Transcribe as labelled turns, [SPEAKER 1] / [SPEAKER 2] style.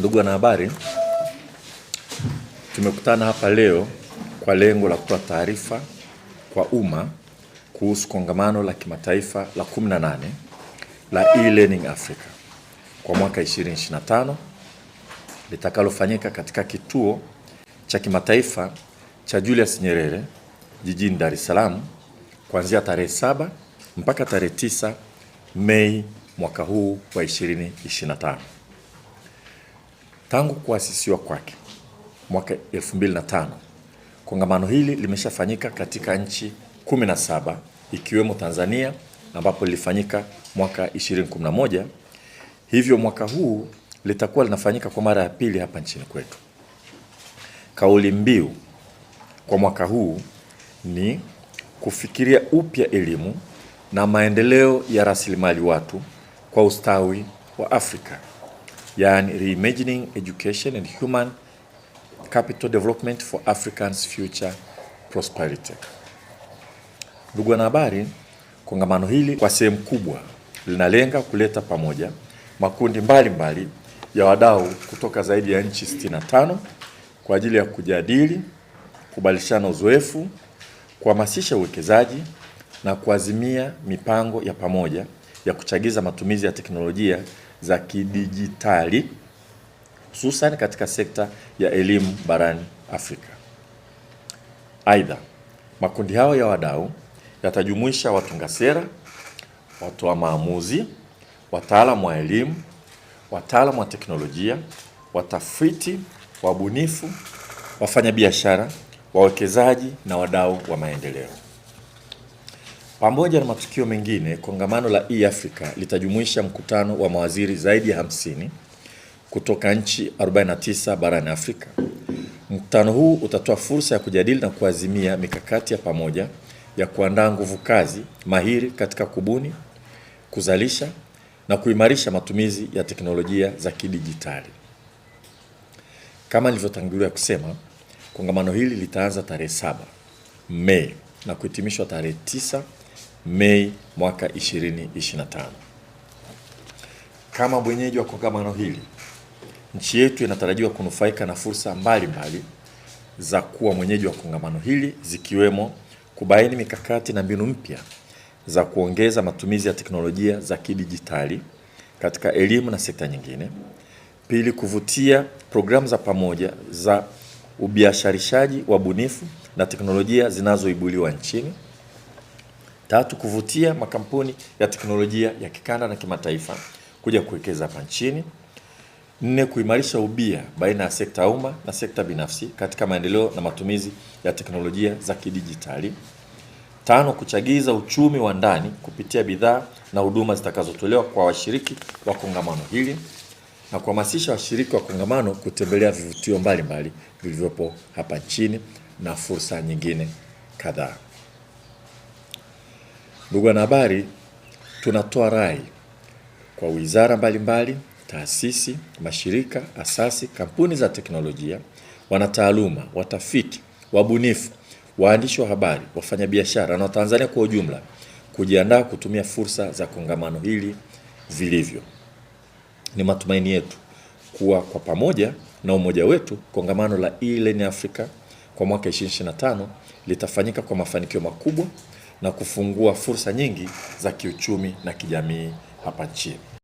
[SPEAKER 1] Ndugu wanahabari, tumekutana hapa leo kwa lengo la kutoa taarifa kwa umma kuhusu kongamano la kimataifa la 18 la e-learning Africa kwa mwaka 2025 litakalofanyika katika kituo cha kimataifa cha Julius Nyerere jijini Dar es Salaam kuanzia tarehe saba mpaka tarehe tisa Mei mwaka huu wa 2025. Tangu kuasisiwa kwake mwaka 2005 kongamano hili limeshafanyika katika nchi 17 ikiwemo Tanzania ambapo lilifanyika mwaka 2011. Hivyo mwaka huu litakuwa linafanyika kwa mara ya pili hapa nchini kwetu. Kauli mbiu kwa mwaka huu ni kufikiria upya elimu na maendeleo ya rasilimali watu kwa ustawi wa Afrika yani reimagining education and human capital development for Africans future prosperity. Ndugu wanahabari, kongamano hili kwa sehemu kubwa linalenga kuleta pamoja makundi mbalimbali mbali ya wadau kutoka zaidi ya nchi 65 kwa ajili ya kujadili, kubadilishana uzoefu, kuhamasisha uwekezaji na kuazimia mipango ya pamoja ya kuchagiza matumizi ya teknolojia za kidijitali hususan katika sekta ya elimu barani Afrika. Aidha, makundi hayo ya wadau yatajumuisha watunga sera, watoa maamuzi, wataalamu wa elimu, wataalamu wa teknolojia, watafiti, wabunifu, wafanyabiashara, wawekezaji na wadau wa maendeleo. Pamoja na matukio mengine, kongamano la eAfrica litajumuisha mkutano wa mawaziri zaidi ya 50 kutoka nchi 49 barani Afrika. Mkutano huu utatoa fursa ya kujadili na kuazimia mikakati ya pamoja ya kuandaa nguvu kazi mahiri katika kubuni, kuzalisha na kuimarisha matumizi ya teknolojia za kidijitali. Kama nilivyotangulia kusema, kongamano hili litaanza tarehe saba Mei na kuhitimishwa tarehe tisa Mei mwaka 2025. Kama mwenyeji wa kongamano hili, nchi yetu inatarajiwa kunufaika na fursa mbalimbali mbali za kuwa mwenyeji wa kongamano hili zikiwemo kubaini mikakati na mbinu mpya za kuongeza matumizi ya teknolojia za kidijitali katika elimu na sekta nyingine. Pili, kuvutia programu za pamoja za ubiasharishaji wa bunifu na teknolojia zinazoibuliwa nchini. Tatu, kuvutia makampuni ya teknolojia ya kikanda na kimataifa kuja kuwekeza hapa nchini. Nne, kuimarisha ubia baina ya sekta ya umma na sekta binafsi katika maendeleo na matumizi ya teknolojia za kidijitali. Tano, kuchagiza uchumi wa ndani kupitia bidhaa na huduma zitakazotolewa kwa washiriki wa kongamano hili na kuhamasisha washiriki wa kongamano kutembelea vivutio mbalimbali vilivyopo hapa nchini na fursa nyingine kadhaa. Ndugu wanahabari, tunatoa rai kwa wizara mbalimbali mbali, taasisi, mashirika, asasi, kampuni za teknolojia, wanataaluma, watafiti, wabunifu, waandishi wa habari, wafanyabiashara na Watanzania kwa ujumla kujiandaa kutumia fursa za kongamano hili vilivyo. Ni matumaini yetu kuwa kwa pamoja na umoja wetu kongamano la e-learning Africa kwa mwaka 2025 litafanyika kwa mafanikio makubwa na kufungua fursa nyingi za kiuchumi na kijamii hapa nchini.